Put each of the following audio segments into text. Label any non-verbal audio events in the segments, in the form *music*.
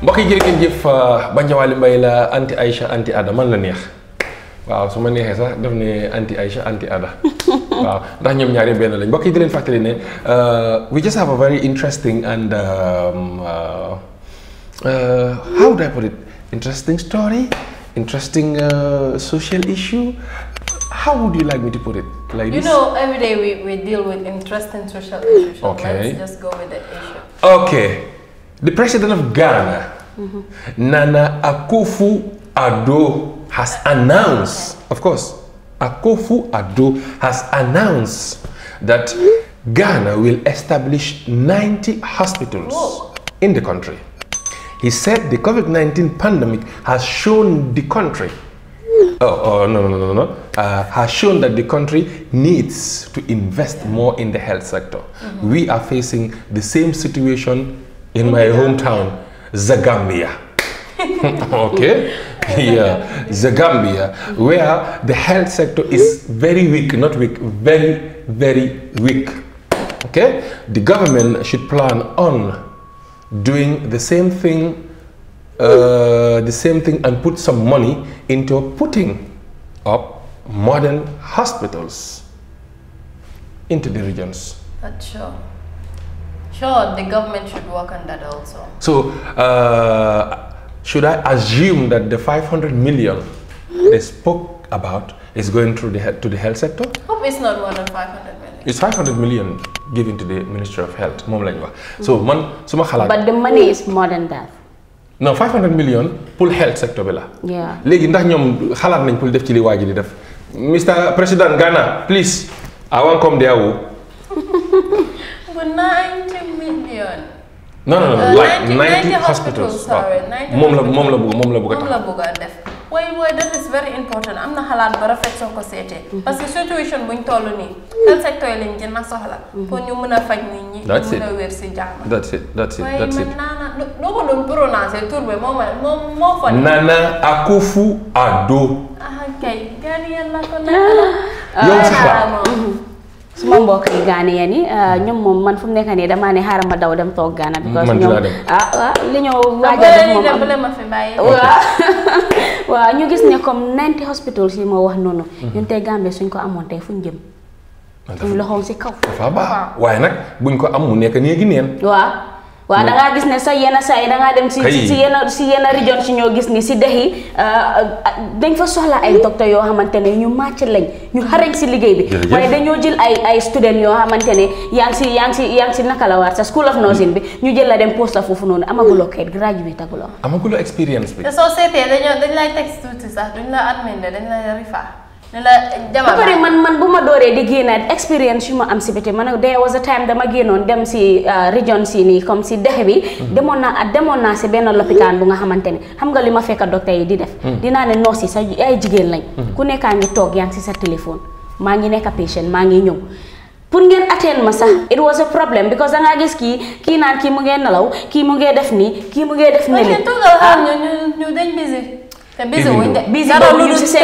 mbokk yi jërë ngeen jëf euh, Bandiawaly Mbaye la anti Aïcha anti Ada man la neex waaw su ma neexee sax daf ne anti Aïcha anti Ada *laughs* waaw ndax ñoom ñaar benn lañ mbokk yi di leen fàttali ne euh, we just have a very interesting and um, uh, uh, how do I put it interesting story interesting uh, social issue how would you like me to put it? Like you this? know, every day we, we deal with interesting social issues. Okay. Let's just go with the issue. Okay. The president of Ghana Nana Akufu Ado has announced, of course, Akufu Ado has announced that Ghana will establish 90 hospitals in the country. He said the COVID-19 pandemic has shown the country Oh, oh, no, no, no, no, uh, has shown that the country needs to invest more in the health sector. Mm -hmm. We are facing the same situation in, in my hometown. Zagambia. *laughs* okay? yeah, Zagambia, where the health sector is very weak, not weak, very, very weak. Okay? The government should plan on doing the same thing uh, the same thing and put some money into putting up modern hospitals into the regions. That's sure. Sure, the government should work on that also. So, uh, should I assume that the 500 million they spoke about is going through the to the health sector? Hope it's not more than 500 million. It's 500 million given to the Ministry of Health. Mom lañ So man mm-hmm. suma But the money is more than that. No, 500 million pull health sector bi Mr President Ghana please I want come there oh. for 90 million. non non non like 90 hospitals waaw moom la moom la bëgg moom la bëgg a tax moom la bëgg a def. way way that is very important am na xalaat ba rafet soo ko seetee. Mhm. parce que situation buñ toll nii. health sector yi lañ gën a soxla. Mhm. pour ñu mën a faj nit ñi. that's it ñu mën a wér si jàmm. that's it that's it that's it. waaye man naana doo ko doon prononcer tur bi moo ma moo moo fa. Nana Akufo-Addo. ah kay gën yàlla ko ah. naan. yow si su ma mbokk yi gaane ya ni euh, ñoom moom man fu mu nekk nii damaa ne xaaral ma daw dem toog gaana because ñoom ah ah li ñoo waaja def moom *laughs* *laughs* waaw ñu gis ne comme 90 hospitals si moo wax noonu mhm. ñun tey Gambie suñ ko amoon tey fuñ jëm ah, loxoom si kaw dafa baax waaye nag buñ ko am mu nekk néegi neen waaw waaw da gis ne sa yenn saa yi da dem si si yenn si yenn région si ñoo gis ni si dex euh, euh, dañ fa soxla ay docteur yoo xamante ne ñu màcc lañ ñu xarañ si liggéey bi waaye dañoo jël ay ay student yoo xamante ne yaa ngi si yaa si yaa ngi si naka la waar sa school of nursing bi ñu jël la dem poste la foofu noonu amaguloo kayit graduate aguloo amaguloo expérience bi te soo seetee dañ lay teg tuuti sax duñ la admin dañ lay rifa ne la dama pare man man bu ma dooree di génnaat expérience yu ma am si biti man there was a time dama génnoon dem si uh, région si nii comme si dexe bi. Hmm. demoon naa demoon naa si benn lopitaan bu nga xamante ne xam nga li ma fekk docteur yi di def. Hmm. dinaa ne nurse yi sa ay jigéen lañ. Hmm. ku nekkaa ngi toog yaa ngi si sa téléphone maa ngi nekk patient maa ngi ñëw. pour ngeen atteindre ma sax it was a problem because dangaa gis kii kii naan kii mu ngee nelaw kii mu ngee def nii kii mu ngee def. nii ñu dañ busy te busy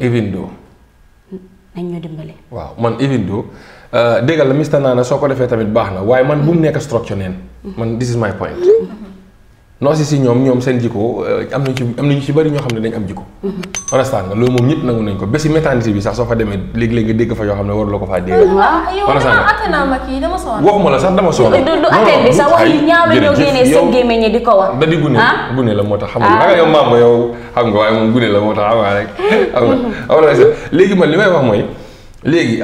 even though nañ ñu dimbale. waaw man even though euh, déggal la mister naa na soo ko defee tamit baax na waaye man bu mu nekk structure neen man this is my point hmm. noosi si ñoom ñoom seen jikko euh, am na ci am nañu ci bari ñoo xam ne dañ am jikko mm-hmm. understand nga loolu moom ñëpp nangu nañ ko ba si maternité bi sax soo fa demee léegi-léegi nga dégg fa yoo xam ne waruloo ko faa dégg mm-hmm. ah, understand nga waxuma la sax dama soona da di gune ah? gune la moo tax xam nga ah. naka yow maam yow xam nga waaye moom gune la moo tax xam rek *laughs* xam mm-hmm. léegi ma li may wax mooy léegi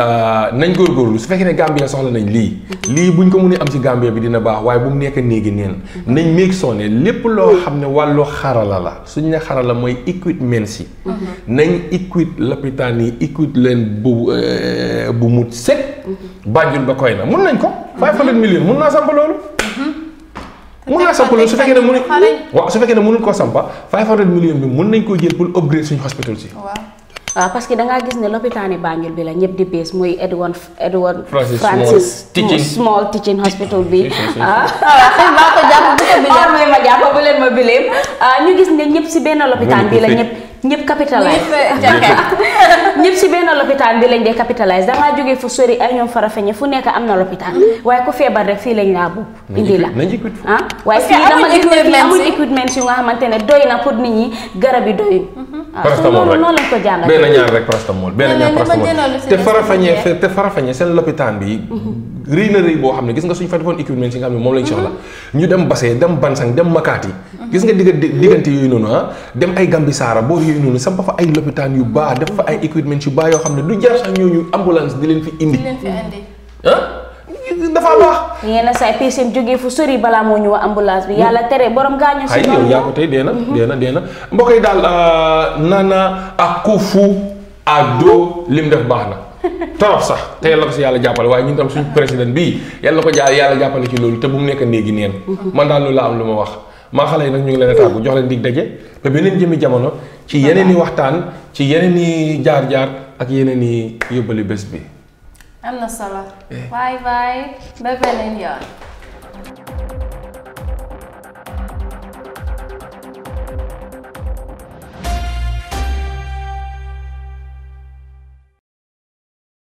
nañ góorgóorlu su fekkee ne Gambien soxla nañ lii lii buñ ko mënee am ci Gambien bi dina baax waaye bu mu nekk néegi neen nañ méeg sonne lépp loo xam ne wàllu xarala la suñ ne xarala mooy équipement si nañ équipe lopitaan yi équipe leen bu bu mut set bàjjul ba koy na mun nañ ko five hundred million mun naa samp loolu mun naa samp loolu su fekkee ne mënu koo sampa five hundred million bi mun nañ koo jël pour upgrade suñu hospital si waaw euh, parce que da ngaa gis ne l'hôpital Banjul bi la ñëpp di bees muy Edward Edward Francis Small Teaching Hospital bi ah xëy maa ko jàpp bu ko bilee jàpp bu leen ma bilee euh, ñu gis ne ñëpp si benn l'hôpital bi la ñëpp ñëpp capitalize, ñëpp eh, *laughs* si benn lopitaan bi lañ dee capitalise dangaa jógee fu sori ay ñoom farafeñe fu nekk am na lopitaan waaye ku feebar rek fii lañ laa buub indi la ah waaye fii dama gis ne fii amuñ équipement yu nga xamante ne doy na pour nit ñi garab yi doyul mhm. ah, parastamol rek noonu lañ ko jàngal benn ñaar rek parastamol benn ñaar parastamol te farafeñe te farafeñe seen lopitaan bi mhm. rëy na rëy boo xam ne gis nga suñ fa defoon équipement nga xam ne lañ soxla mhm. ñu dem basee dem bansang dem makati. gis nga digga diggante yooyu noonu ah, dem ay gambi saara boo yooyu noonu samp fa ay lopitaan yu baax def fa ay équipement yu baax yoo xam ne du jar sax ñooñu ambulance di leen fi indi. di leen fi indi. ah dafa baax. Iya, yenn saa yi patient jógee fu sori balaa moo ñëw ambulance bi yàlla tere borom gaañu si. ay yow yaa ko tey dee na dee na dee na mbokk yi daal ah, Nana Akufo Addo lim def baax na. *laughs* torop sax te yàlla ko si yàlla jàppale waaye ñun tam suñu président bii yàlla ko jaar yàlla jàppale ci loolu te bu mu nekk néegi neen mhm. man daal loolu la am lu ma wax. maa xale yi nag ñu ngi leen a tàggu jox leen dig daje ba beneen jëmi jamono ci yeneen i waxtaan ci yeneen i jaar-jaar ak yeneen i yóbbali bés bi am na solo. Eh. bye bye ba beneen yoon